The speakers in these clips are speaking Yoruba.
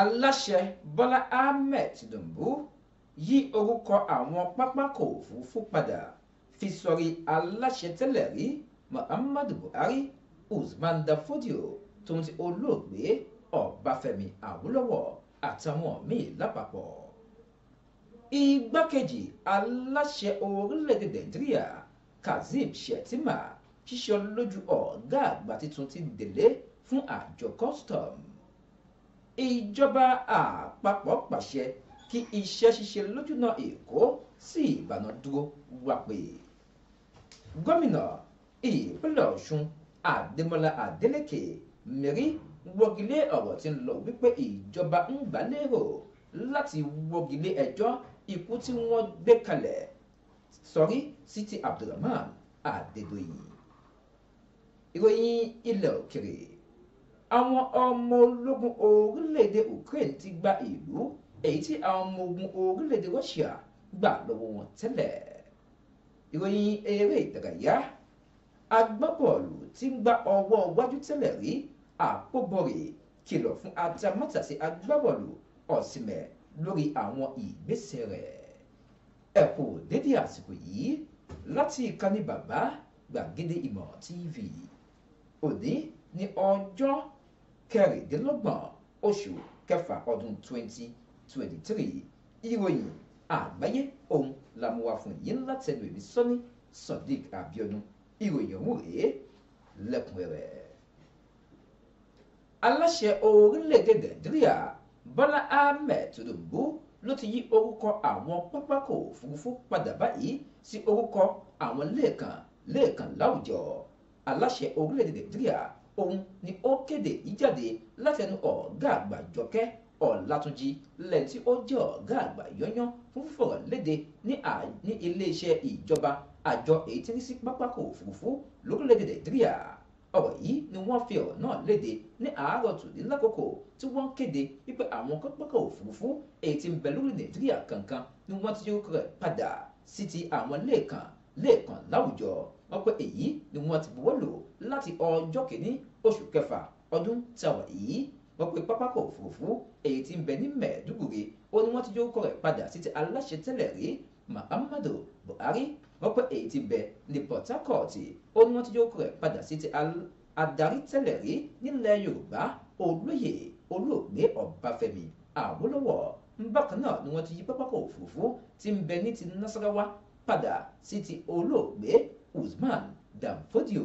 aláṣẹ bọ́lá ahmed tinubu yí orúkọ àwọn pápákọ̀ òfurufú padà fi sọrí aláṣẹ tẹ́lẹ̀ rí muhammadu buhari usman dafodio tó ń ti olóògbé ọbáfẹ́mi awólọ́wọ̀ àtàwọn míì lápapọ̀ igbákejì aláṣẹ orílẹ̀-èdè nàìjíríà kazeem shettima ṣíṣọ lójú ọ̀gá àgbà tuntun ti délé fún àjọ custom ìjọba àpapọ̀ pàṣẹ kí iṣẹ́ ṣíṣe lójúnà èkó sí ìbàdàn dúró wà pé gómìnà ìpínlẹ̀ ọ̀ṣun adémọlá adélèké mẹ́rí wọ́gilé ọ̀rọ̀ tí ń lọ wípé ìjọba ń gbà lérò láti wọ́gilé ẹjọ́ ikú tí wọ́n gbé kalẹ̀ sọrí sí ti abdulrahman adédọ̀yìn ìròyìn ilẹ̀ òkèrè àwọn ọmọ ológun orílẹ̀-èdè Ukraine ti gba ìlú èyí tí àwọn ọmọ ogun orílẹ̀-èdè Russia gbà lọ́wọ́ wọn tẹ́lẹ̀ ìròyìn eré ìdárayá agbábọ́ọ̀lù tí ń gba ọwọ́ wájú tẹ́lẹ̀ rí àpòbọ̀rì kìlọ̀ fún atamátàsí agbábọ́ọ̀lù ọ̀sìnmẹ̀ lórí àwọn ìgbésẹ̀ rẹ̀ ẹ kú dédé àsìkò yìí láti ìkànnì bàbá gbàgede ìmọ̀ tv òní ní ọjọ́ kẹrìndínlọ́gbọ̀n oṣù kẹfà ọdún 2023 ìròyìn àgbáyé ohun làmúwa fún yín látẹnu èmi sọ́ni Sodiq Abiodun ìròyìn ọ̀hún rèé lẹ́kùnrẹ́rẹ́. aláṣẹ orílẹ̀-èdè Nàìjíríà Bọ́lá Ahmed Tinubu ló ti yí orúkọ àwọn pápákọ̀ òfurufú padà báyìí sí orúkọ àwọn lẹ́ẹ̀kan lẹ́ẹ̀kan láwùjọ aláṣẹ orílẹ̀-èdè Nàìjíríà òun ni ó kéde yìí jáde látẹnu ọ̀gá àgbà jọkẹ́ ọ̀làtúnjì lẹ́yìn tí ó jẹ́ ọ̀gá àgbà yányán fún fọ̀rọ̀ léde ní iléeṣẹ́ ìjọba àjọ èyí tí ń sí pápákọ̀ òfurufú lórílẹ̀‐èdè nàìjíríà ọ̀rọ̀ yìí ni wọ́n fi ọ̀rọ̀ náà léde ní àárọ̀ tòní lákòókò tí wọ́n kéde wípé àwọn pápákọ̀ òfurufú èyí tí ń bẹ lórí nàìjíríà kankan ni wọ́n ti yọkọ̀ rẹ̀ padà sí ti àwọn lẹ́ẹ̀kan lẹ́ẹ̀kan láwùjọ láti ọjọ́ kìíní oṣù kẹfà ọdún tá a wà yìí wọ́n pe pápákọ̀ òfurufú èyí tí ń bẹ ní mẹ̀ẹ́dúgùrì ó ní wọ́n ti yóò kọ́ rẹ̀ padà sí ti aláṣẹ tẹ́lẹ̀ rí Muhammadu Buhari wọ́n pe èyí tí bẹ ní Port Harcourt ó ní wọ́n ti yóò kọ́ rẹ̀ padà sí ti adarí tẹ́lẹ̀ rí nílẹ̀ Yorùbá olóyè olóògbé Ọbáfẹ́mi Awólọ́wọ̀ bákan náà ni wọ́n ti yí pápákọ̀ òfurufú tí ń bẹ ní ti Nasarawa padà sí ti olóògbé Usman Danfodio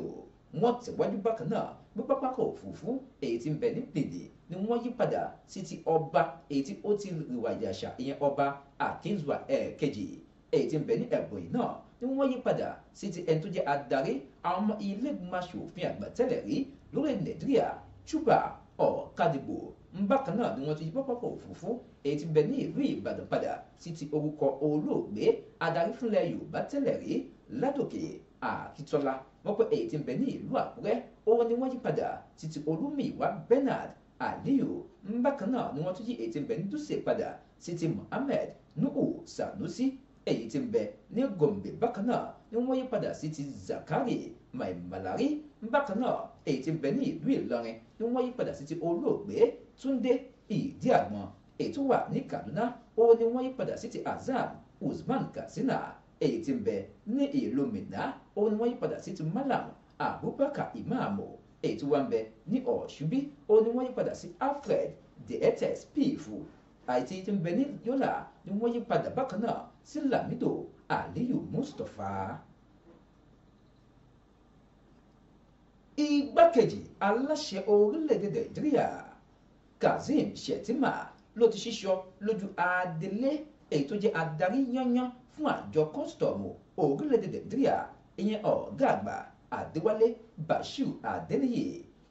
wọ́n tẹ̀wájú bákan náà bí pápákọ̀ òfurufú èyí tí ń bẹ ní bèdè ni wọ́n yí padà sí ti ọba èyí tí ó ti rìwà ìjàṣà ìyẹn ọba àkínzùwà ẹ̀ẹ̀kejì èyí tí ń bẹ ní ẹ̀bọ̀yì náà ni wọ́n yí padà sí ti ẹni tó jẹ́ adarí àwọn ọmọ ilégbèmọ̀ aṣòfin àgbà tẹ́lẹ̀ rí lórí nàìjíríà Chuba Ọ̀kadìbò bákan náà ni wọ́n ti yí pápákọ̀ òfurufú èyí tí ń bẹ ní ìlú Ìbàdàn padà sí ti orúkọ olóògbé adarí fúnlẹ̀ Yorùbá tẹ́lẹ̀ rí Ládòkè Akíntọ́lá wọ́n pé èyí tí ń bẹ ní ìlú àkúrẹ́ òun ni wọ́n yí padà títí olúmiwá bernard aliyu bákan náà ni wọ́n tún yí èyí tí ń bẹ ní dùsẹ̀ padà títí mohammed nuhu sanusi èyí tí ń bẹ ní gombe bákan náà ni wọ́n yí padà sí ti zakari maimalari bákan náà èyí tí ń bẹ ní ìlú ìlọrin ni wọ́n yí padà sí ti olóògbé túndé ìdí àgbọn èyí wà ní kaduna òun ni wọ́n yí padà sí ti azam usman katsina èyí tí bẹ ní ìlú Minna òun ni wọ́n yí padà sí ti Malam Abubakar Imam èyí tí wọ́n ń bẹ ní Ọ̀ṣubí òun ni wọ́n yí padà sí Alfred dietes pifu àti tí ń bẹ ní Yola ni wọ́n yí padà bákan náà sí Lamido Aliyu Mustapha. igbákejì aláṣẹ orílẹ̀-èdè nàìjíríà kazeem shettima ló ti ṣíṣọ lójú adelé èyí tó jẹ́ adarí yányán fún àjọ kọ́sítọ́ọ̀mù orílẹ̀-èdè nàìjíríà ìyẹn ọ̀gá àgbà àdéwálé bashir adéníyè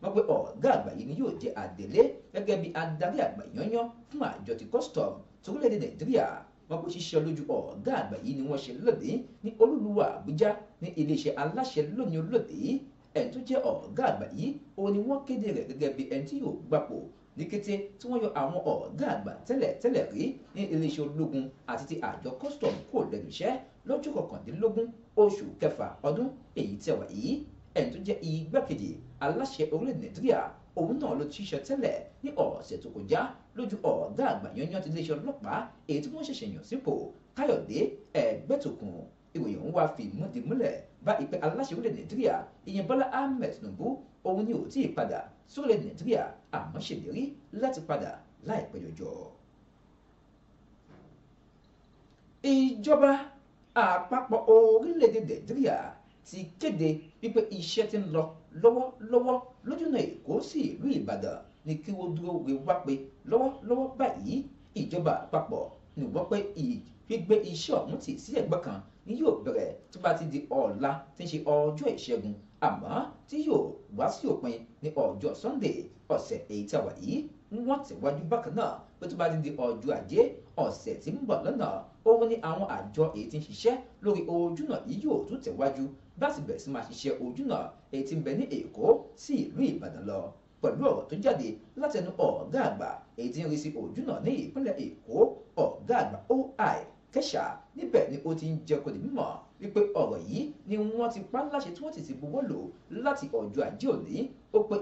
wọ́n pe ọ̀gá àgbà yìí ni yóò jẹ́ àdélé gẹ́gẹ́ bí adarí àgbà yányán fún àjọ ti kọ́sítọ́ọ̀mù torílẹ̀-èdè nàìjíríà wọ́n kò ṣiṣẹ́ lójú ọ̀gá àgbà yìí ni wọ́n ṣe lóde ní olúluwà àbújá ní iléeṣẹ́ aláṣẹ lónìí olóde ẹni tó jẹ́ ọ̀gá àgbà yìí òun ni wọ́n kéde rẹ̀ gẹ́gẹ́ bí ẹni tí yóò gbapò ní kété tí wọ́n yọ àwọn ọ̀gá àgbà tẹ́lẹ̀ tẹ́lẹ̀ rí ní iléeṣẹ́ ológun àti ti àjọ custom kò lẹ́nu iṣẹ́ lọ́jọ́ kọkàndínlógún oṣù kẹfà ọdún èyí tẹ̀wá yìí ẹni tó jẹ́ igbákejì aláṣẹ orílẹ̀ nàìjíríà òun náà ló ti ṣe tẹ́lẹ̀ ní ọ̀sẹ̀ tó kọjá lójú ọ̀gá àgbà yanyan ti iléeṣẹ́ ọlọ́pàá èyí tí wọ́n ṣẹ̀ṣẹ̀ yàn sípò káyọ̀dé ẹ̀gbẹ́tòkun ìròyìn ọ̀hún wá fi ìmúdìmúlẹ̀ bá ìpẹ́ aláṣẹ orílẹ̀ nàìjíríà ìyẹn bọ́lá ahmed tinubu òun ni ò tí ì padà sórílẹ̀ nàìjíríà àmọ́ ṣèlérí láti padà láìpẹ́ jọjọ. ìjọba àpapọ̀ orílẹ̀-èdè nàìjíríà ti kéde wípé iṣẹ́ ti ń lọ lọ́wọ́lọ́wọ́ lójúnà èkó sí ìlú ìbàdàn ní kí wọ́n dúró wé wá pé lọ́wọ́lọ́wọ́ báyìí ìjọba àpapọ̀ ni wọ́n pé gbígbé iṣẹ́ ọ̀hún tì sí ẹ̀gbọ́n kan ni yóò bẹ̀rẹ̀ tó bá ti di ọ̀la tí ń ṣe ọjọ́ ìṣẹ́gun àmọ́ tí yóò wá sí òpin ní ọjọ́ sunday ọ̀sẹ̀ èyí tí a wà yìí wọ́n tẹ̀wájú bákan náà pé tó bá ti di ọjọ́ ajé ọ̀sẹ̀ tí ń bọ̀ lọ́nà òun ni àwọn àjọ èyí tí ń ṣiṣẹ́ lórí ojúnà yìí yóò tún tẹ̀wájú láti bẹ̀rẹ̀ sí máa ṣiṣẹ́ ojúnà èyí tí ń bẹ ní èkó sí ìlú ìbàdàn lọ pẹ̀lú ọ̀rọ̀ tó jáde látẹnu ọ̀gá àgbà èyí tí ń rí sí ojúnà ní ìpínlẹ̀ èkó ọ̀gá àgbà oi kẹsà níbẹ̀ ni ó ti ń jẹ́ kó di mímọ̀ wípé ọ̀rọ̀ yìí ni wọ́n ti pa láṣẹ tí wọ́n ti sì buwọ́ lò láti ọjọ́ ajé òní ó pé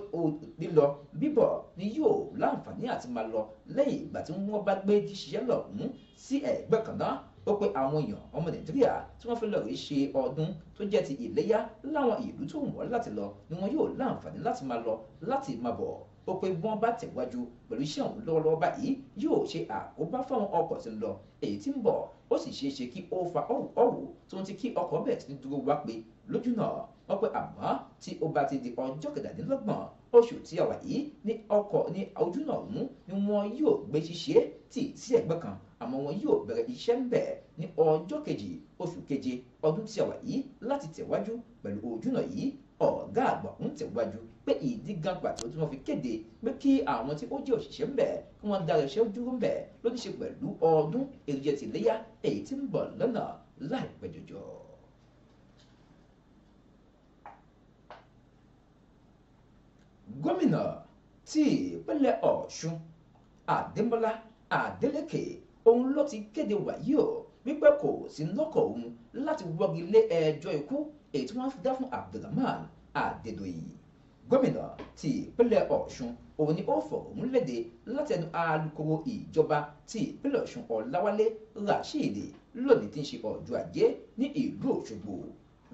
lílọ bíbọ̀ ni yóò láǹfààní àti máa lọ lẹ́yìn ìgbà tí wọ́n bá gbé jíṣẹ́ lọ́hùn-ún sí ẹ̀gbẹ́ kan náà ó pé àwọn èèyàn ọmọ nàìjíríà tí wọ́n fi lọ rèé ṣe ọdún tó jẹ́ ti ìléyá láwọn ìlú tó wù wọ́n láti lọ ni wọ́n yóò láǹfààní láti máa lọ láti máa bọ̀ ó pé bí wọ́n bá tẹ̀wájú pẹ̀lú iṣẹ́ òun lọ́wọ́lọ́wọ́ báyìí yóò ṣe àkóbá fáwọn ọkọ̀ tí ń lọ èyí tí ń bọ̀ ó sì ṣeé ṣe kí ó fa ọ̀wọ̀ tó ń ti kí ọkọ̀ bẹ̀rẹ̀ sí dúró wá pé lójúnà wọ́n pé àmọ́ tí ó bá ti di ọjọ́ kẹtàdínlọ́gbọ̀n oṣù tí a wà yìí ní ọkọ̀ ní ojúnà ọ̀hún ni wọ́n yóò gbé ṣíṣe tí sí ẹ̀gbẹ́ kan àmọ́ wọn yóò bẹ̀rẹ̀ iṣẹ́ ń bẹ̀ ní ọjọ́ kejì oṣù keje ọdún tí a wà yìí láti tẹ̀wájú pẹ̀lú ojúnà yìí ọ̀gá àgbà ń tẹ̀wájú pé ìdí gan pàtó tí wọ́n fi kéde pé kí àwọn tí ó jẹ́ òṣìṣẹ́ ń bẹ̀ kí wọ́n dára iṣẹ́ dúró ń bẹ̀ ló pẹ̀lú ọdún èròjà tìléyà èyí tí ń bọ̀ lọ́nà láìpẹ́ jọjọ. gómìnà tí ìpínlẹ̀ ọ̀ṣun adémọ́lá adélékè òun ló ti kéde wàyí o wípé kò sí lọ́kọ̀ òun láti wọ́gi lé ẹjọ́ ikú èyí tí wọ́n dá fún Abdulrahman Adédoyin gómìnà ti ìpínlẹ̀ Ọ̀ṣun òun ni ó fọ̀rọ̀ léde láti ẹnu alukoro ìjọba ti ìpínlẹ̀ Ọ̀ṣun Ọláwálé Rasheed lónìí tí ń ṣe ọjọ́ ajé ní ìlú Òṣogbo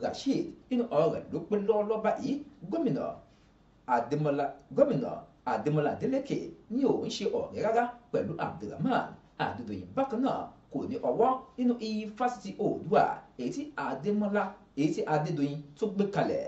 Rasheed nínú ọ̀rọ̀ rẹ̀ ló pé lọ́ọ́lọ́ba yìí gómìnà Adémọ́lá gómìnà Adémọ́lá Adélékè ni òun ṣe ọ̀rẹ́ rárá pẹ̀lú Abdulrahman Adédoyin bákan náà kò ní ọwọ́ nínú ifásitì Oòduà èyí tí Adémọ́lá èyí tí Adédoyin tó gbé kalẹ̀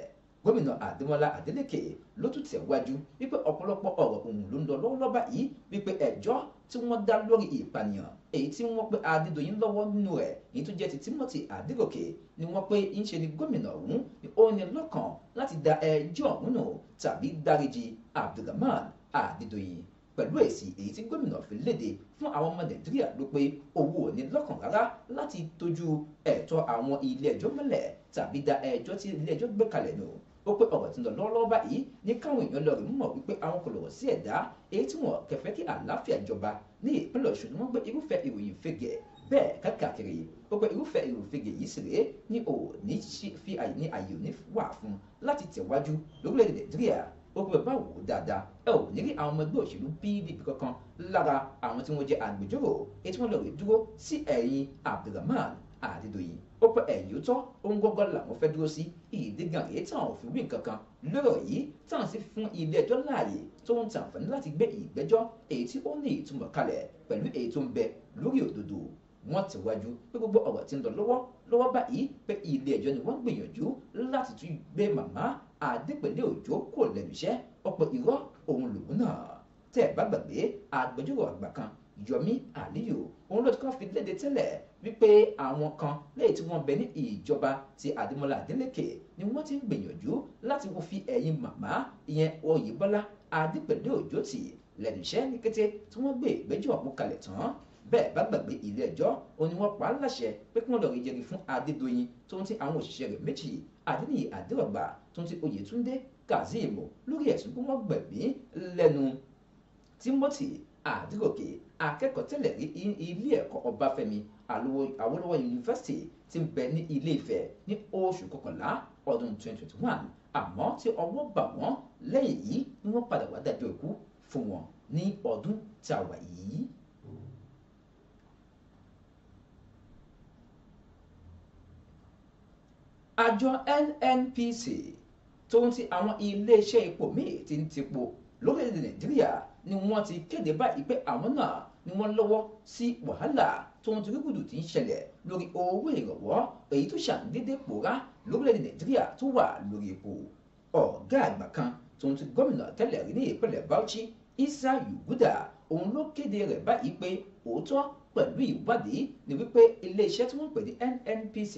gómìnà Adémọ́lá Adélékè ló tún tẹ̀wájú wípé ọ̀pọ̀lọpọ̀ ọ̀rọ̀ òun ló ń lọ lọ́wọ́lọ́wọ́ báyìí wípé ẹjọ́ tí wọ́n dá lórí ìpànìyàn èyí tí wọ́n pe Adédoyin lọ́wọ́ nínú rẹ̀ èyí tó jẹ́ ti Timothy Adégòkè ni wọ́n pe ń ṣe ni gómìnà ọ̀hún ni ó ní lọ́kàn láti da ẹjọ́ ọ̀hún nù tàbí dáríji Abdulrahman Adédoyin pẹ̀lú èsì èyí tí gómìnà fi léde fún àwọn ọmọ nàìjíríà ló pé owó ò ní lọ́kàn rárá láti tójú ẹ̀tọ́ àwọn ilé ẹjọ́ mọ́lẹ̀ tàbí da ẹjọ́ tí ilé ẹjọ́ gbé kalẹ̀ nù ó pé ọ̀rọ̀ tí ń lọ lọ́wọ́lọ́wọ́ báyìí ní káwọn èèyàn lọ rí mọ̀ wípé àwọn kò lọ̀rọ̀ sí ẹ̀dá èyí tí wọn kẹfẹ́ kí àlàáfíà jọba ní ìpínlẹ̀ ọ̀ṣun ni wọ́n gbé irúfẹ́ ìròyìn fege bẹ́ẹ̀ kákàkiri ó pé irúfẹ́ ìròyìn fege yìí sì rèé ní òní fi àyè ní àyè òní wà fún láti tẹ̀wájú lórílẹ̀-èdè nàìjíríà ó pẹ́ bá wò ó dáadáa ẹ ò ní rí àwọn ọmọ ẹgbẹ́ òṣèlú pdp kankan lára àwọn tí wọ́n jẹ́ agbẹjọ́rò ètò wọn lọ rí dúró sí ẹ̀yìn abdulrahman adédọ̀yìn ó pẹ́ ẹ̀yìn ó tọ́ ohun gọ́gọ́ làwọn fẹ́ dúró sí ìdígan rèé táwọn ò fi wí nǹkan kan lọ́rọ̀ yìí táwọn sì fún ilé ẹjọ́ láàyè tó ń tàǹfààní láti gbé ìgbẹ́jọ́ èyí tí ó ní ìtumọ̀ kalẹ̀ pẹ̀lú èyí tó ń bẹ lórí òdodo wọ́n tẹ̀wájú pé gbogbo ọ̀rọ̀ tí ń lọ lọ́wọ́ lọ́wọ́ báyìí pé ilé ẹjọ́ ni wọ́n gbìyànjú láti tún gbé màmá adépèlé òjò kò lẹ́nu ọ̀pọ̀ irọ́ òun lòun náà tẹ́ ẹ̀ bá gbàgbé agbẹjọ́rò àgbà kan Yomi Aliyu òun ló ti kàn fi léde tẹ́lẹ̀ wípé àwọn kan lẹ́yìn tí wọ́n bẹ ní ìjọba ti Adémọ́lá Adélékè ni wọ́n ti ń gbìyànjú láti wọ́n fi ẹ̀yìn màmá ìyẹn Oyèbọ́lá adépèlé òjò tì lẹ́nu ní kété tí wọ́n gbé ìgbẹ́jọ́ ọ̀hún kalẹ̀ tán bẹ́ẹ̀ bá gbàgbé ilé ẹjọ́ òun ni wọ́n pa á láṣẹ pé kí wọ́n lọ́ọ́ rí jẹ́rìí fún Adédoyin tó ń ti àwọn òṣìṣẹ́ rẹ̀ méjì adéníyì adéọ̀gbà tún ti oyètúndé kazeem lórí ẹ̀sùn pé wọ́n gbẹ̀mí lẹ́nu timothy àdìgòkè akẹ́kọ̀ọ́ tẹ́lẹ̀ rí ilé ẹ̀kọ́ ọbáfẹ́mi awólọ́wọ̀ yunifásitì ti ń bẹ ní ilé ifẹ̀ ní oṣù kọkànlá ọdún 2021 àmọ́ tí ọwọ́ bà wọ́n lẹ́yìn yìí ni wọ́n padà wá dájọ́ ikú fún wọn ní ọdún tá a wà yìí àjọ NNPC tó ń ti àwọn iléeṣẹ́ epo míì ti ń tìpó lórílẹ̀‐èdè Nàìjíríà ni wọ́n ti kéde báyìí pé àwọn náà ni wọ́n lọ́wọ́ sí wàhálà tó ń torí gùdù tí ń ṣẹlẹ̀ lórí owó ìrànwọ́ èyí tó ṣàǹdédé pòórá lórílẹ̀‐èdè Nàìjíríà tó wà lórí epo ọ̀gá àgbà kan tó ń ti gómìnà tẹ́lẹ̀ rí ní ìpínlẹ̀ Bauchi Isa Yuguda òun ló kéde rẹ̀ báyìí pé òótọ́ pẹ̀lú ìwádìí ni wípé iléeṣẹ́ tí wọ́n pè ní NNPC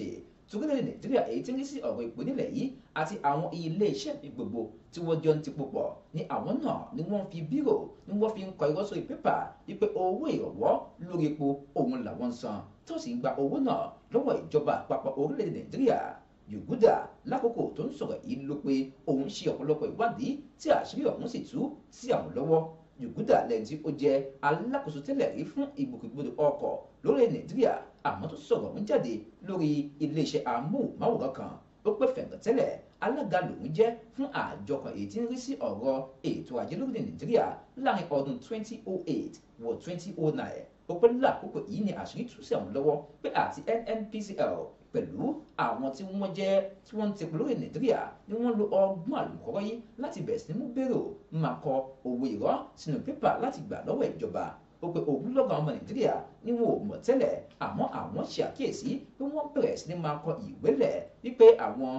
tókèdèrèdè nàìjíríà èyí tí ń rí sí ọ̀rọ̀ ìpínlẹ̀ yìí àti àwọn ilé iṣẹ́ mi gbogbo tí wọ́n jọ ń ti pòpọ̀ ní àwọn náà ni wọ́n fi bírò ni wọ́n fi ń kọ irọ́ sórí wípé owó ìrànwọ́ lórí epo òun làwọn ń san tó sì ń gba owó náà lọ́wọ́ ìjọba àpapọ̀ orílẹ̀-èdè nàìjíríà Yuguda lákòókò tó ń sọ̀rọ̀ yìí ló pé òun ṣe ọ̀pọ̀lọpọ̀ ìwádìí tí àṣírí ọ̀hún sì tú sí àwọn lọ́wọ́ Yuguda lẹ́yìn tí ó jẹ́ alákòóso tẹ́lẹ̀ rí fún ìgbòkègbodò ọkọ̀ lórílẹ̀ nàìjíríà àmọ́ tó sọ̀rọ̀ ọ̀hún jáde lórí iléeṣẹ́ amóhùnmáwòrán kan ó pé fẹ̀ǹkàntẹ́lẹ̀ alága lòún jẹ́ fún àjọ kan èyí tí ń rí sí ọ̀rọ̀ ètò ajé lórílẹ̀ nàìjíríà láàrin ọdún 2008 wọ 2009 ó pé lákòókò yìí ni àṣírí tú sí àwọn lọ́wọ́ pé àti NNPCL pẹ̀lú àwọn tí wọ́n jẹ́ tí wọ́n ń tepo lórí nàìjíríà ni wọ́n lo ọgbọ́n àlùkọ́rọ́ yìí láti bẹ̀rẹ̀ sí mú bèrò máa kọ owó ìrọ́ sínú pépà láti gbà lọ́wọ́ ìjọba ó pé ogúnlọ́gọ̀ ọmọ nàìjíríà ni wọn ò mọ̀ tẹ́lẹ̀ àmọ́ àwọn ṣe àkíyèsí pé wọ́n bẹ̀rẹ̀ sí ni máa kọ ìwé rẹ̀ wípé àwọn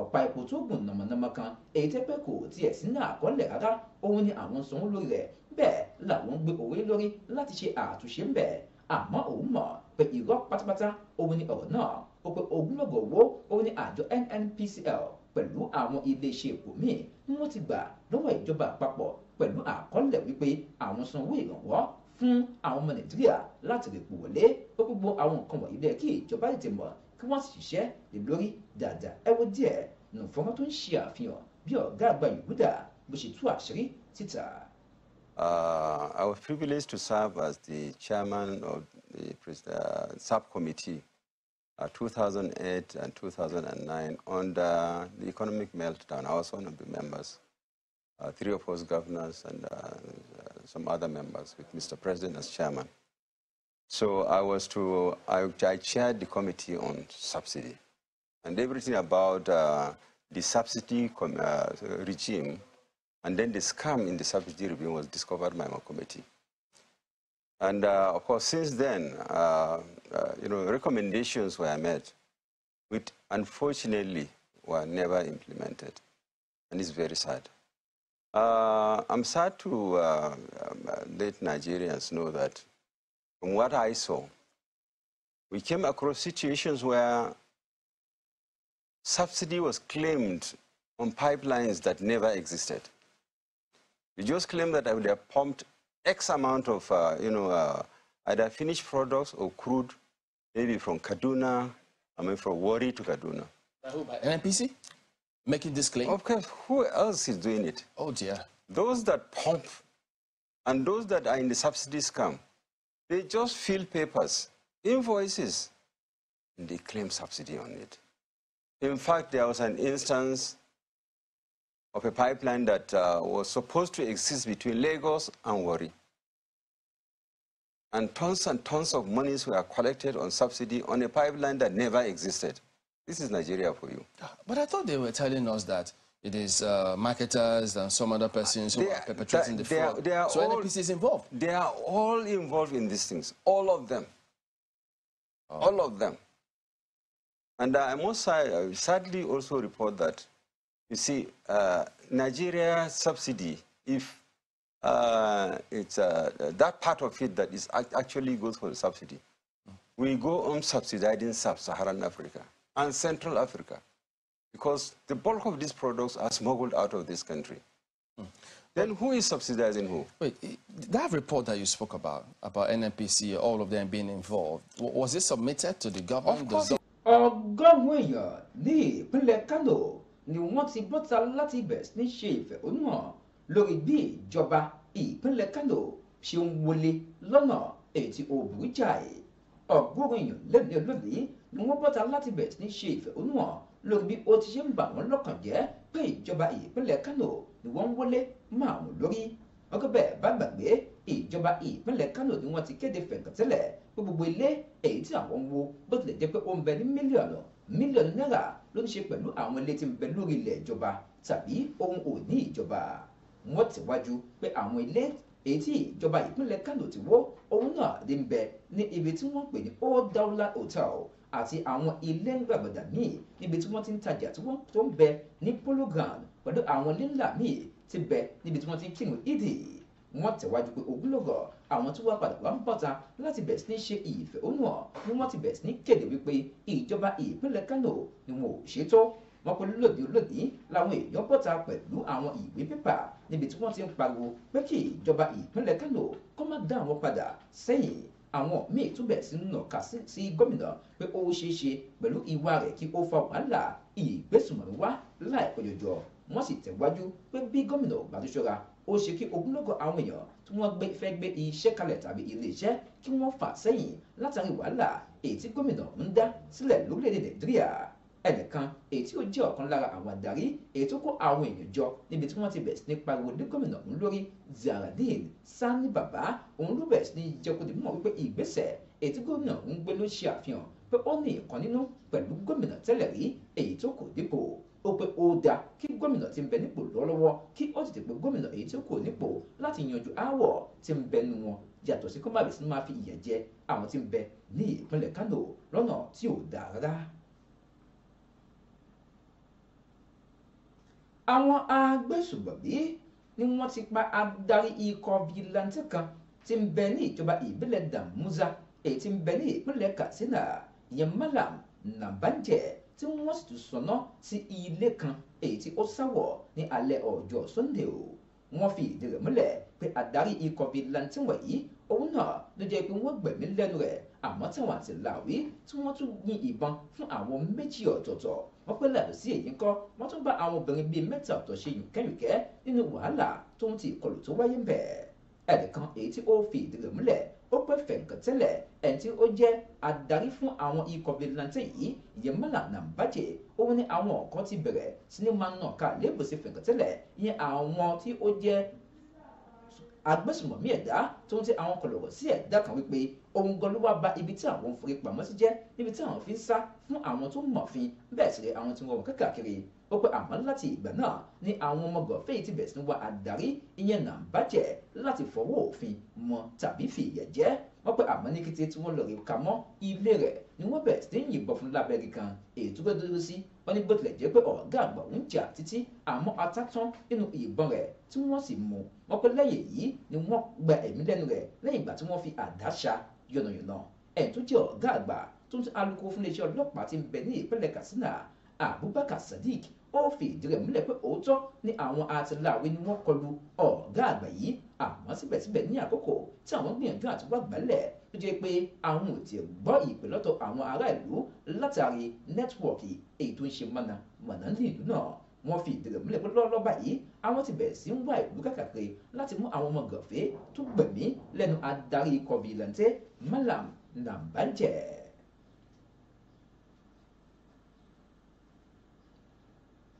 ọ̀pá epo tó gùn nàmọ̀nàmọ̀ kan èyí tẹ́ pé kò tiẹ̀ sí ní àkọọ́lẹ̀ rárá òun ni àwọn sanwó lórí rẹ̀ bẹ́ẹ̀ làwọn gbé òwe lórí láti ṣe àtúnṣe ńbẹ̀ àmọ́ òun mọ̀ pé irọ́ pátápátá òun ni ọ̀rọ̀ náà ó pé ogúnlọ́gọ̀ owó òun ni àjọ NNPCL pẹ̀lú àwọn iléeṣẹ́ epo míì ni wọ́n ti gbà lọ́wọ́ ìjọba àpapọ̀ pẹ̀lú àkọọ́lẹ̀ wípé àwọn sanwó ìrànwọ́ fún àwọn ọmọ nàìjíríà láti lè pò wọlé ó gbogbo àwọn nǹkan wọ̀nyí bẹ́ẹ̀ kí ìjọba lè ti kí wọ́n ṣiṣẹ́ lè lórí dáadáa ẹ wo díẹ̀ nù fọ́nrán tó ń ṣe àfihàn bí ọ̀gá àgbà Yehuda bó ṣe tú àṣírí síta. I uh, was privileged to serve as the chairman of the subcommittee uh, 2008 uh, and 2009 under the economic meltdown. I was one of the members. Uh, three of us governors and uh, uh, some other members with Mr. President as chairman. So I was to, I, I chaired the committee on subsidy and everything about the subsidy regime and then the scam in the subsidy regime was discovered by my committee. And uh, of course, since then, uh, uh, you know, recommendations were made, which unfortunately were never implemented, and it's very sad. Uh, I'm sad to uh, um, uh, let Nigerians know that from what I saw, we came across situations where subsidy was claimed on pipelines that never existed. You just claim that I would have pumped X amount of, uh, you know, uh, either finished products or crude, maybe from Kaduna, I mean from Wari to Kaduna. By who, by NNPC? making this claim? Of course, who else is doing it? Oh dear. Those that pump and those that are in the subsidy scam, they just fill papers, invoices, and they claim subsidy on it. In fact, there was an instance of a pipeline that uh, was supposed to exist between Lagos and Wari. And tons and tons of monies were collected on subsidy on a pipeline that never existed. This is Nigeria for you. Ah, but I thought they were telling us that it is uh, marketers and some other persons who are, are perpetrating the fraud. They are, they are so all, is involved. They are all involved in these things. All of them. Oh. All of them. And I must sadly also report that, you see, uh, Nigeria subsidy, if uh, it's uh, that part of it that is actually goes for the subsidy, hmm. we go on subsidizing sub-Saharan Africa. and Central Africa, because the bulk of these products are smuggled out of this country. Mm. Then who is subsidizing who? Wait, that report that you spoke about, about NNPC, all of them being involved, was it submitted to the government? Of course. ọgọ́rùn-ún èèyàn ìpínlẹ̀ Kano ni wọ́n ti bọ́ta láti bẹ̀rẹ̀ ní ṣe ìfẹ̀hónúhàn lórí bí ìjọba ìpínlẹ̀ Kano ṣe ń wọlé lọ́nà èyí tí ó burú jáì ọgọ́rùn-ún èèyàn lẹ́nu lónìí ni wọ́n bọ́ta láti bẹ̀rẹ̀ sí ní ṣe ìfẹ̀hónúhàn lórí bí ó ti ṣe ń bà wọ́n lọ́kàn jẹ́ pé ìjọba ìpínlẹ̀ Kánò ni wọ́n wọlé máa wọn lórí ọkọ̀ bẹ́ẹ̀ bá gbàgbé ìjọba ìpínlẹ̀ Kánò ni wọ́n ti kéde fẹ̀ǹkàtẹ́lẹ̀ pé gbogbo ilé èyí tí àwọn ń wo bó tilẹ̀ jẹ́ pé ó ń bẹ ní mílíọ̀nù mílíọ̀nù náírà ló ń ṣe pẹ̀lú àwọn ilé tí ń bẹ lórí ilẹ̀ ìjọba tàbí ohun òní ìjọba wọ́n tẹ̀wájú pé àwọn ilé èyí tí ìjọba ìpínlẹ̀ Kánò ti wó òun náà ti ń bẹ ní ibi tí wọ́n pè ní Old Dowland Hotel àti àwọn ilé ńgbàgbọ́dà míì níbi tí wọ́n ti ń tajà tí wọ́n tó ń bẹ ní polo pẹ̀lú àwọn lílà míì ti bẹ níbi tí wọ́n ti ń kírun ìdì wọ́n tẹ̀wájú pé ogunlọ́gọ̀ àwọn tí wọ́n padà wá ń bọ̀ta láti bẹ̀ sí ní ṣe ìfẹ̀hónúhàn ni wọ́n ti bẹ̀ sí ní kéde wípé ìjọba ìpínlẹ̀ Kánò ni wọn ò ṣètò wọ́n pẹ̀lú lòdì lòdì làwọn èèyàn bọ́ta pẹ̀lú àwọn ìwé pépà níbi tí wọ́n ti ń pariwo pé kí ìjọba ìpínlẹ̀ Kánò kó má dá àwọn padà sẹ́yìn àwọn míì tún bẹ̀rẹ̀ sí nàka sí gómìnà pé ó ṣeé ṣe pẹ̀lú ìwà rẹ̀ kí ó fa wàhálà ìgbésùnmọ̀mí wá láìpẹ́ jọjọ wọ́n sì tẹ̀wájú pé bí gómìnà ò bá tó ṣọ́ra ó ṣe kí ogunlọ́gọ̀ àwọn èèyàn tí wọ́n gbé fẹ́ gbé iṣẹ́ kalẹ̀ tàbí iléeṣẹ́ kí wọ́n fà sẹ́yìn látàrí wàhálà èyí tí gómìnà ń dá sílẹ̀ lórílẹ̀‐èdè nàìjíríà ẹnìkan èyí tí ó jẹ́ ọ̀kan lára àwọn adarí èyí tó kó àwọn èèyàn jọ níbi tí wọ́n ti bẹ̀rẹ̀ sí ní pariwo ní gómìnà ọ̀hún lórí Zahraddeen Sani Baba òun ló bẹ̀rẹ̀ sí ní jẹ́ kó di mímọ̀ wípé ìgbésẹ̀ èyí tí gómìnà ọ̀hún gbé ló ṣe àfihàn pé ó ní ìkan nínú pẹ̀lú gómìnà tẹ́lẹ̀ rí èyí tó kò dípò ó pé ó dáa kí gómìnà tí ń bẹ nípò lọ́wọ́lọ́wọ́ kí ó tètè pé gómìnà èyí tó kò nípò láti yanjú aáwọ̀ tí ń bẹnu wọn yàtọ̀ sí kó má bẹ̀rẹ̀ sí máa fi ìyà jẹ àwọn tí bẹ ní ìpínlẹ̀ Kánò lọ́nà tí ò dáa rárá. àwọn agbésùbọ̀bí ni wọ́n ti pa adarí ikọ̀ vigilante kan tí ń bẹ ní ìjọba ìbílẹ̀ dàmúza èyí tí ń bẹ ní ìpínlẹ̀ katsina ìyẹn malam nàbàjẹ́ tí wọ́n sì tún sọ̀nà sí ilé kan èyí tí ó sáwọ̀ ní alẹ́ ọjọ́ sunday o wọ́n fi ìdí rẹ̀ múlẹ̀ pé adarí ikọ̀ vigilante wọ̀nyí òun náà ló jẹ́ pé wọ́n gbẹ̀mí lẹ́nu rẹ̀ àmọ́ táwọn àti làwí tí wọ́n tún yin ìbọn fún àwọn méjì ọ̀tọ̀ọ̀tọ̀ wọ́n pẹ́ lẹ́nu sí èyí kọ́ wọ́n tún bá àwọn obìnrin bíi mẹ́ta ọ̀tọ̀ ṣe yùnkẹ́yùnkẹ́ nínú wàhálà tó ń ti ìkọlù tó wáyé ń bẹ̀ ẹnìkan èyí tí ó fi ìdí múlẹ̀ ó pẹ́ fẹ̀ǹkàn tẹ́lẹ̀ ẹni tí ó jẹ́ adarí fún àwọn ikọ̀ vigilante yìí ìyẹn mọ́là nàbàjẹ́ ó ní àwọn kan ti bẹ̀rẹ̀ sí ni máa ń nà ká lébùsí fẹ̀ǹkàn tẹ́lẹ̀ àwọn tí ó jẹ́ agbésùmọ̀mí ẹ̀dá tó ń tẹ àwọn kọlọ̀rọ̀ sí ẹ̀dá kan wípé ohun gan ló wá ba ibi tí àwọn ń forí pamọ́ sí jẹ́ níbi tí àwọn fi ń sá fún àwọn tó mọ̀fin bẹ́ẹ̀ sì rẹ̀ àwọn tí wọ́n wọ̀ kákàkiri ó pé àmọ́ láti ìgbà náà ni àwọn ọmọ gọ̀fẹ́ ti bẹ̀rẹ̀ sí wá adarí ìyẹn Nàmbájẹ̀ láti fọwọ́ òfin mọ tàbí fìyà jẹ wọ́n pẹ́ àmọ́ ní kété tí wọ́n lọ rè ká mọ́ ilé rẹ̀ ni wọ́n bẹ̀rẹ̀ sí ní yìnbọn fún lábẹ́rẹ́ kan èyí tó gbé dúró sí wọ́n ní bó tilẹ̀ jẹ́ pé ọ̀gá àgbà ń jà títí àmọ́ atátán nínú ìbọn rẹ̀ tí wọ́n sì mú wọ́n pẹ́ lẹ́yìn èyí ni wọ́n gba ẹ̀mí lẹ́nu rẹ̀ lẹ́yìn ìgbà tí wọ́n fi àdá ṣá yànnàyànnà ẹ̀ tó jẹ́ ọ̀gá àgbà tó ń alukó fún iléeṣẹ́ ọlọ́pàá ti ń bẹ ní ni àwọn àtìláwí ni wọ́n kọlu ọ̀gá àgbà àmọ́ síbẹ̀síbẹ̀ ní àkókò tí àwọn gbìyànjú àti wá gbálẹ̀ tó jẹ́ pé àwọn ò ti gbọ́ ìpè lọ́tọ̀ àwọn ará ìlú látàrí nẹ́tíwọ̀kì èyí tó ń ṣe mọ̀nà mọ̀nà ní ìlú náà wọ́n fi ìdìrẹ̀ múlẹ̀ pé lọ́lọ́ báyìí àwọn ti bẹ̀rẹ̀ sí ń wá ìlú kákàkiri láti mú àwọn ọmọ gànfẹ́ tó gbẹ̀mí lẹ́nu adarí kọ̀vìlàntẹ́ Malam Nàbàjẹ́.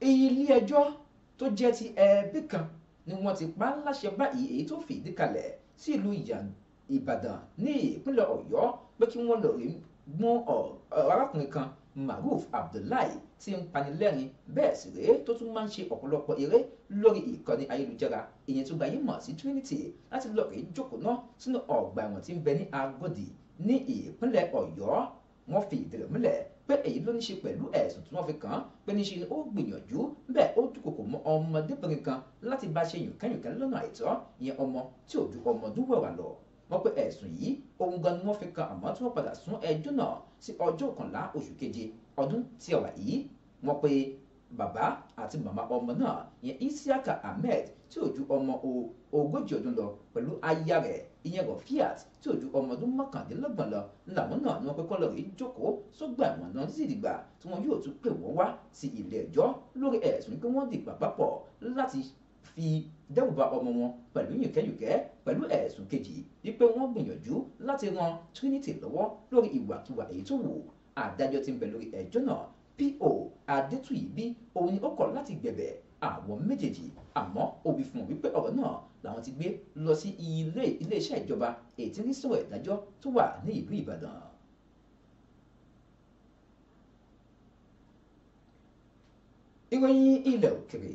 ilé ẹjọ́ tó jẹ́ ti ẹbí kan ni wọ́n ti pa láṣẹ báyìí èyí tó fìdí kalẹ̀ sí ìlú ìbàdàn ní ìpínlẹ̀ ọ̀yọ́ pé kí wọ́n lọ rí gbọ́n arákùnrin kan maruf abdullahi tí ń panilẹ́rìn bẹ́ẹ̀ sì rèé tó tún máa ń ṣe ọ̀pọ̀lọpọ̀ eré lórí ìkànnì ayélujára ìyẹn tó gbayé mọ̀ sí trinity láti lọ rèé jókòó náà sínú ọgbà ẹ̀wọ̀n tí ń bẹ ní agodi ní ìpínlẹ̀ ọ̀yọ́ wọ́n fi ìdílé múlẹ̀ pé èyí ló ní ṣe pẹ̀lú ẹ̀sùn tí wọ́n fi kàn án pé níṣe ni ó gbìyànjú bẹ́ẹ̀ ó dúkokò mọ́ ọmọdébìnrin kan láti bá ṣe yùnkẹ́yùnkẹ́ lọ́nà àìtọ́ ìyẹn ọmọ tí ò ju ọmọ ọdún wẹ̀wà lọ wọ́n pé ẹ̀sùn yìí ohun gan ni wọ́n fi kan àmọ́ tí wọ́n padà sún ẹjọ́ náà sí ọjọ́ kọ̀ọ̀lá oṣù keje ọdún tí a wà yìí wọ́n pé bàbá àti màmá ọmọ náà yẹn isiaka ahmed tí ò ju ọmọ ogójì ọdún lọ pẹ̀lú aya rẹ̀ ìyẹn Rofiat tí ò ju ọmọ ọdún mọ́kàndínlọ́gbọ̀n lọ làwọn náà ni wọ́n pẹ́ kọ́ lọ́ọ́ jókòó sọ́gbà ẹ̀wọ̀n náà sì dìgbà tí wọ́n yóò tún pè wọ́n wá sí ilé ẹjọ́ lórí ẹ̀sùn pé wọ́n dìgbà papọ̀ láti fi dẹ́rùbà ọmọ wọn pẹ̀lú yùnkẹ́yùnkẹ́ pẹ̀lú ẹ̀sùn kejì wípé wọ́n gbìyànjú láti ran Trinity lọ́wọ́ lórí ìwàkiwà èyí tó wù adájọ́ tí ń bẹ lórí ẹjọ́ náà P.O. Adétúyìbí òun ni ó kọ̀ láti gbẹ̀bẹ̀ àwọn méjèèjì àmọ́ ó wí fún wípé ọ̀rọ̀ náà làwọn ti gbé lọ sí ilé iléeṣẹ́ ìjọba èyí ń sọ̀rọ̀ ìdájọ́ tó wà ní ìlú Ìbàdàn. ìròyìn ilẹ̀ òkèrè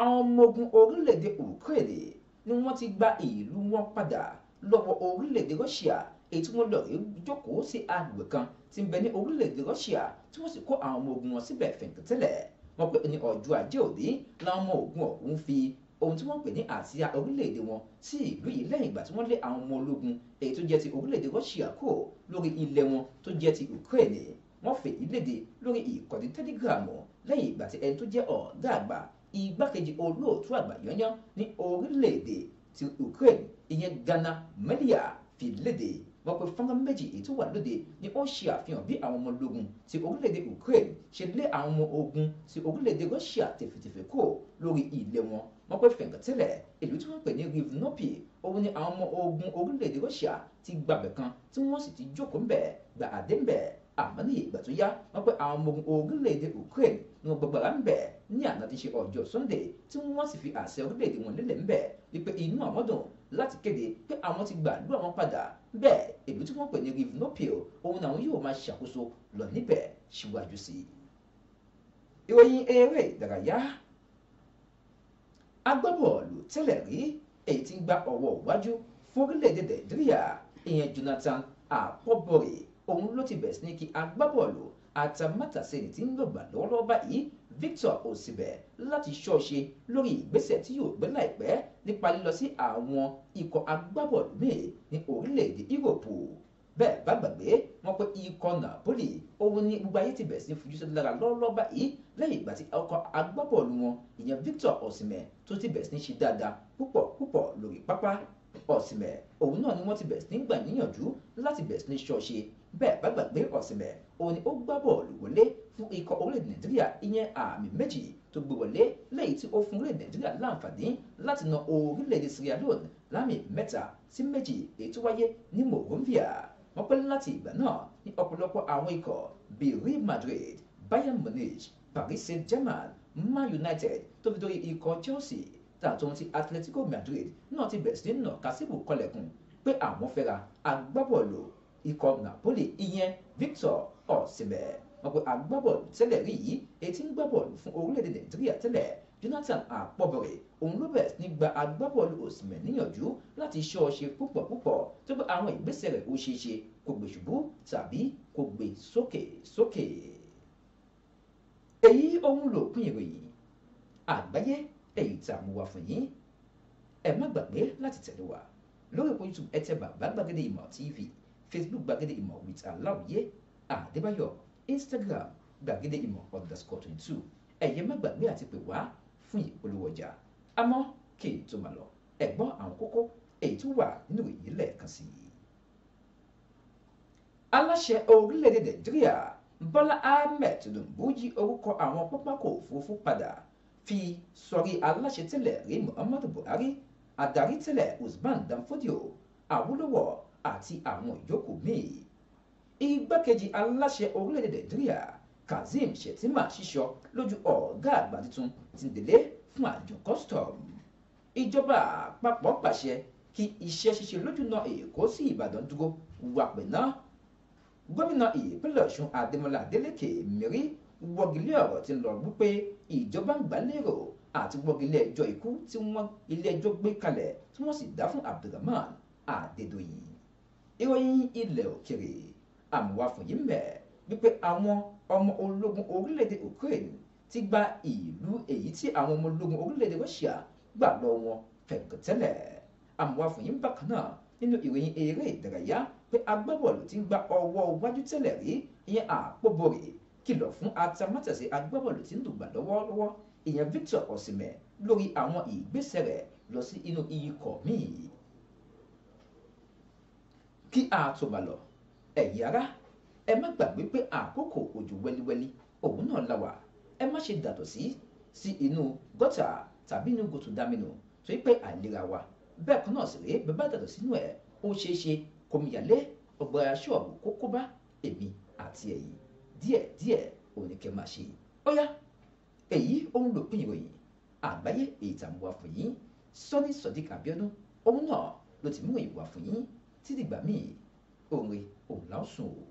àwọn ọmọ ogun orílẹ̀-èdè Ukraine ni wọ́n ti gba ìlú wọn padà lọ́wọ́ orílẹ̀-èdè Russia èyí tí wọ́n lọ rí jókòó sí agbègbè kan ti ń bẹ ní orílẹ̀-èdè Russia tí wọ́n sì kó àwọn ọmọ ogun wọn síbẹ̀ fìǹkìtìlẹ̀ wọ́n pè ní ọjọ́ ajé òní làwọn ọmọ ogun ọ̀hún fi ohun tí wọ́n pè ní àsíá orílẹ̀-èdè wọn sí ìlú yìí lẹ́yìn ìgbà tí wọ́n lé àwọn ọmọ ológun èyí tó jẹ́ ti orílẹ̀-èdè Russia kò lórí ilẹ̀ wọn tó jẹ́ ti Ukraine wọ́n fèyí léde lórí ìkọ̀dí Telegram lẹ́yìn ìgbà tí ẹni tó jẹ́ ọ̀gá àgbà igbákejì olóòtú àgbà yányán ní orílẹ̀-èdè ti Ukraine ìyẹn Gana Melia fi léde wọ́n pe fọ́nrán méjì èyí tó wà lóde ni ó ṣe àfihàn bí àwọn ọmọ ológun ti orílẹ̀-èdè Ukraine ṣe lé àwọn ọmọ ogun ti orílẹ̀-èdè Russia tẹ̀fẹ̀tẹ̀fẹ̀ kò lórí ilẹ̀ wọn wọ́n pe fẹ̀ǹkẹ́tẹ̀lẹ̀ ìlú tí wọ́n pè ní Rivnopi òun ni àwọn ọmọ ogun orílẹ̀-èdè Russia ti gbàbẹ̀ kan tí wọ́n sì ti jókòó ń bẹ̀ àdé ń àmọ́ ní ìgbà tó yá wọ́n pé àwọn ọmọ orílẹ̀-èdè Ukraine ni wọ́n gbàgbàrà ń ní àná ti ṣe ọjọ́ Sunday tí wọ́n sì fi àṣẹ orílẹ̀-èdè wọn lélẹ̀ ń wípé inú àwọn láti kéde pé àwọn ti gbà lù àwọn padà bẹ́ẹ̀ ìlú tí wọ́n pè ní Rivnopil òun làwọn yóò máa ṣàkóso lọ níbẹ̀ síwájú sí i. ìròyìn eré ìdárayá agbábọ́ọ̀lù tẹ́lẹ̀ rí èyí tí ń gba ọ̀wọ́ iwájú fún orílẹ̀-èdè Nàìjíríà ìyẹn Jonathan Àpọ́bọ̀rẹ̀ òun ló ti bẹ̀rẹ̀ sí ní kí agbábọ́ọ̀lù àtàmátàsẹ́ni tí ń lọ́gbà lọ́wọ́lọ́wọ́ báyìí Victor Osimhen láti ṣọ́ọ̀ṣe lórí ìgbésẹ̀ tí yóò gbé láìpẹ́ nípa lílọ sí àwọn ikọ̀ agbábọ́ọ̀lù míì ní orílẹ̀-èdè Yúróòpù bẹ́ẹ̀ bá gbàgbé wọn pé ikọ̀ Napoli òun ni gbogbo ayé ti bẹ̀rẹ̀ sí fojú sí lára lọ́wọ́lọ́wọ́ báyìí lẹ́yìn ìgbà tí ọkọ̀ agbábọ́ọ̀lù wọn ìyẹn Victor Osimhen tó ti bẹ̀rẹ̀ sí ṣe dáadáa púpọ̀ púpọ̀ lórí pápá Osimhen òun náà ni wọ́n ti bẹ̀rẹ̀ sí gbà níyànjú láti bẹ̀rẹ̀ sí ṣọ́ọ̀ṣe bẹ́ẹ̀ bá gbàgbé Osimhen òun ni ó gbá bọ́ọ̀lù wọlé fún ikọ̀ orílẹ̀-èdè nàìjíríà ìyẹn àmì méjì tó gbé wọlé lẹ́yìn tí ó fún orílẹ̀ nàìjíríà láǹfààní láti na orílẹ̀-èdè sierra leone láàmì mẹ́ta sí méjì èyí tó wáyé ní monrovia wọ́n pẹ́ láti ìgbà náà ní ọ̀pọ̀lọpọ̀ àwọn ikọ̀ bíi real madrid bayern munich paris saint-germain man united tó fi dórí ikọ̀ chelsea tààtún ti atletico madrid náà ti bẹ̀rẹ̀ sí nà kásìbù kọlẹ̀kùn pé àwọn fẹ́ra agbábọ́ọ̀lù ikọ̀ napoli ìyẹn victor osimhen wọ́n pe agbábọ́ọ̀lù tẹ́lẹ̀ rí yìí etí ń gbábọ́ọ̀lù fún orílẹ̀-èdè nàìjíríà tẹ́lẹ̀ Jonathan Àpọ̀bẹ̀rẹ̀ òun ló bẹ̀rẹ̀ sí ní gba agbábọ́ọ̀lù Osimhen níyànjú láti ṣọ́ ṣe púpọ̀ púpọ̀ tó bá àwọn ìgbésẹ̀ rẹ̀ ó ṣeé ṣe kó gbé ṣubú tàbí kó gbé sókè sókè. èyí ohun lòpin ìròyìn àgbáyé èyí tá a mú wá fún yín ẹ má gbàgbé láti tẹ̀lé wa lórí ipò YouTube ẹ tẹ bàbá gbàgede ìmọ̀ TV Facebook gbàgede ìmọ̀ with aláwìyé Adébáyọ̀ Instagram gbàgede ìmọ̀ underscore twenty two ẹ̀yẹ má gbàgbé àti pè wá fún ìpolówó ọjà àmọ́ kí n tó máa lọ ẹ̀gbọ́n àwọn kókó èyí tó wà nínú èyí lẹ́ẹ̀kan sí i. aláṣẹ orílẹ̀-èdè nàìjíríà bọ́lá ahmed tinubu yí orúkọ àwọn pápákọ̀ òfurufú padà fi sọrí aláṣẹ tẹ́lẹ̀ rí muhammadu buhari adarí tẹ́lẹ̀ usman danfodio awólọ́wọ̀ àti àwọn ìyókù míì igbákejì aláṣẹ orílẹ̀-èdè nàìjíríà kazeem shettima ṣíṣọ lójú ọ̀gá àgbà tuntun ti délé fún àjọ custom ìjọba àpapọ̀ pàṣẹ kí iṣẹ́ ṣíṣe lójúnà èkó sí ìbàdàn dúró wàpẹ̀ náà gómìnà ìpínlẹ̀ ọ̀ṣun adémọlá adélèké mìírí wọ́gilé ọ̀rọ̀ ti lọ wípé ìjọba ń gbà lérò àti wọ́gilé ẹjọ́ ikú tí wọ́n ilé ẹjọ́ gbé kalẹ̀ tí wọ́n sì dá fún abdulrahman adédọ̀yìn ìròyìn ilẹ̀ òkèrè àmúwá fún yìí mẹ́ wípé àwọn ọmọ ológun orílẹ̀-èdè Ukraine ti gba ìlú èyí tí àwọn ọmọ ológun orílẹ̀-èdè Russia gbà lọ wọn fẹ̀ǹkẹ̀tẹ̀lẹ̀ àmúwá fún yìí bákan náà nínú ìròyìn eré ìdárayá pé agbábọ́ọ̀lù ti gba ọwọ́ wájú tẹ́lẹ̀ rí ìyẹn àpòbọ̀rẹ̀ kìlọ̀ fún atamátàsé agbábọ́ọ̀lù tí ń dùgbà lọ́wọ́lọ́wọ́ ìyẹn Victor Osimhen lórí àwọn ìgbésẹ̀ rẹ̀ lọ sí inú ikọ̀ míì kí a ẹ̀yin ará ẹ má gbàgbé pé àkókò òjò wẹ́líwẹ́lí òun náà la wà ẹ má ṣe dàtọ̀ sí sí inú gọ́tà tàbí inú gòtò dámínú tó yí pé àìlera wa bẹ́ẹ̀ kan náà sì rèé bẹ́ẹ̀ bá dàtọ̀ sínú ẹ̀ ó ṣeé ṣe kòmíyàlé ọgbà ṣọ́ọ̀bù kókó bá èmi àti ẹ̀yin díẹ̀ díẹ̀ òní kẹ́ máa ṣe ó yá èyí òun lòpin ìròyìn àgbáyé ìtàmùwà fún yín Sọ́ní Sodiq Abíọ́dún òun náà ló ti mú ìwà fún yín títí gbà míì òun rèé 老鼠。